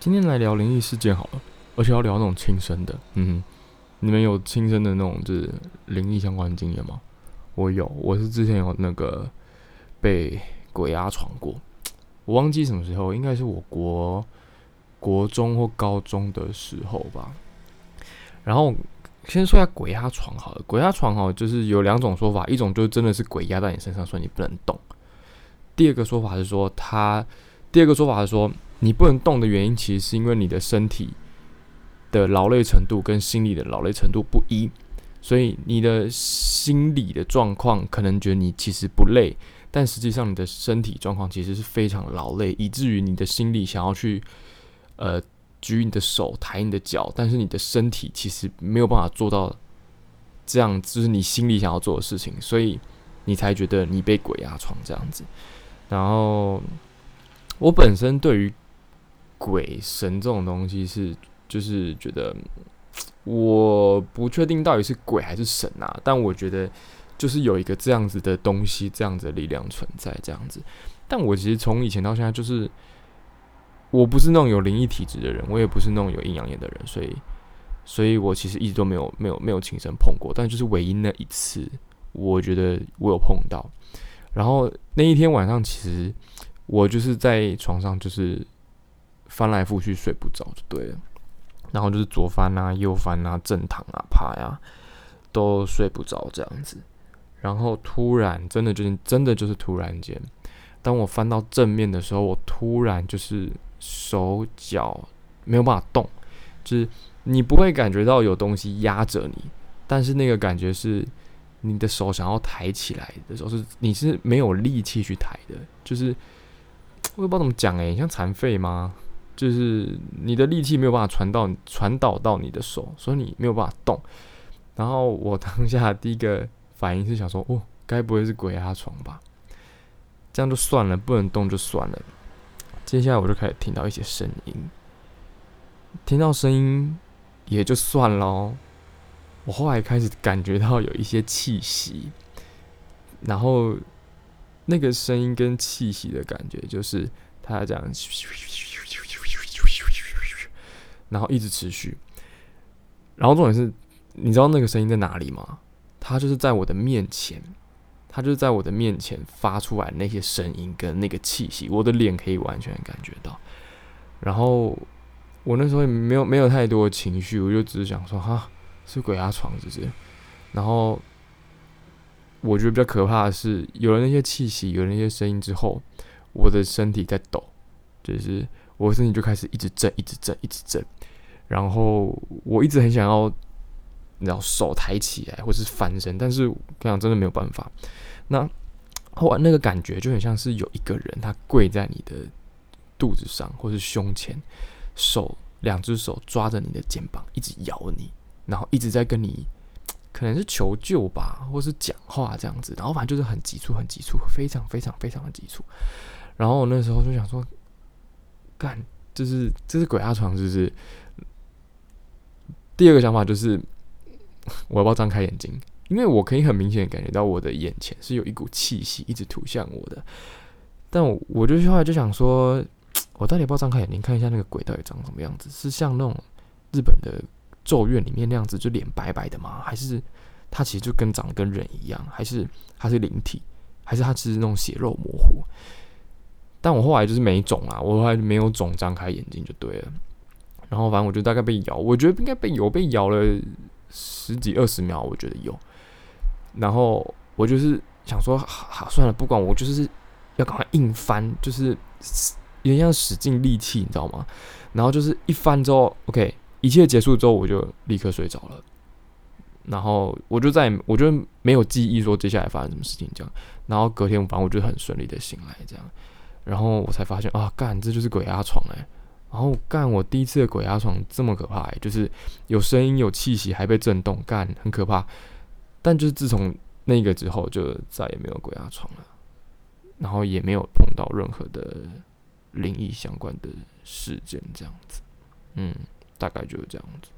今天來聊靈異事件好了，而且要聊那種親身的。嗯，你們有親身的那種就是靈異相關的經驗嗎？我有，我是之前有那個被鬼壓床過，我忘記什麼時候，應該是我國國中或高中的時候吧。然後先說一下鬼壓床好了，鬼壓床哈，就是有兩種說法，一種就是真的是鬼壓在你身上，所以你不能動；第二個說法是說，他第二個說法是說。你不能動的原因，其實是因為你的身體的勞累程度跟心理的勞累程度不一，所以你的心理的狀況可能覺得你其實不累，但實際上你的身體狀況其實是非常勞累，以至於你的心裡想要去呃舉你的手，抬你的腳，但是你的身體其實沒有辦法做到這樣，就是你心裡想要做的事情，所以你才覺得你被鬼壓床這樣子。然後我本身對於鬼神這種東西是，就是覺得我不確定到底是鬼還是神啊，但我覺得就是有一個這樣子的東西，這樣子的力量存在這樣子。但我其實從以前到現在，就是我不是那種有靈異體質的人，我也不是那種有陰陽眼的人，所以，所以我其實一直都沒有沒有沒有親身碰過。但就是唯一那一次，我覺得我有碰到。然後那一天晚上，其實我就是在床上，就是。翻來覆去睡不着就對了，然後就是左翻啊、右翻啊、正躺啊、趴呀、啊，都睡不着這樣子。然後突然，真的就是真的就是突然間，當我翻到正面的時候，我突然就是手腳沒有辦法動，就是你不會感覺到有東西壓着你，但是那個感覺是你的手想要抬起來的時候，就是你是沒有力氣去抬的，就是我也不知道怎麼講誒、欸，像殘廢嗎？就是你的力氣沒有辦法傳到傳導到你的手，所以你沒有辦法動。然後我當下第一個反應是想說：“哦，該不會是鬼壓床吧？”這樣就算了，不能動就算了。接下來我就開始聽到一些聲音，聽到聲音也就算了。我後來開始感覺到有一些氣息，然後那個聲音跟氣息的感覺，就是他講。然後一直持續，然後重點是，你知道那個聲音在哪裡嗎？它就是在我的面前，它就是在我的面前發出來那些聲音跟那個氣息，我的臉可以完全感覺到。然後我那時候也沒有沒有太多的情緒，我就只是想說，哈，是鬼壓床是不是？然後我覺得比較可怕的是，有了那些氣息，有了那些聲音之後，我的身體在抖，就是。我身體就開始一直震，一直震，一直震，然後我一直很想要，然後手抬起來，或是翻身，但是這樣真的沒有辦法。那後來那個感覺就很像是有一個人他跪在你的肚子上，或是胸前，手兩只手抓着你的肩膀，一直咬你，然後一直在跟你可能是求救吧，或是講話這樣子，然後反正就是很急促，很急促，非常非常非常的急促。然後我那時候就想說。看，就是這是鬼壓床是不是，就、嗯、是第二個想法就是我要不要張開眼睛？因為我可以很明顯感覺到我的眼前是有一股氣息一直吐向我的。但我我就後來就想說，我到底要不要張開眼睛看一下那個鬼到底長什麼樣子？是像那種日本的咒怨裡面那樣子，就臉白白的嗎？還是他其實就跟長得跟人一樣？還是他是靈體？還是他是那種血肉模糊？但我後來就是沒腫啊，我後來沒有腫，張開眼睛就對了。然後反正我就大概被咬，我覺得應該被咬，被咬了十幾二十秒，我覺得有。然後我就是想說，好好算了，不管我，我就是要趕快硬翻，就是有點像使勁力氣，你知道嗎？然後就是一翻之後，OK，一切結束之後，我就立刻睡着了。然後我就在，我就沒有記憶說接下來發生什麼事情這樣。然後隔天，反正我就很順利的醒來這樣。然後我才發現啊，幹，這就是鬼壓床哎！然後幹，我第一次的鬼壓床這麼可怕哎，就是有聲音、有氣息，還被震動，幹，很可怕。但就是自從那個之後，就再也沒有鬼壓床了，然後也沒有碰到任何的靈異相關的事件，這樣子，嗯，大概就是這樣子。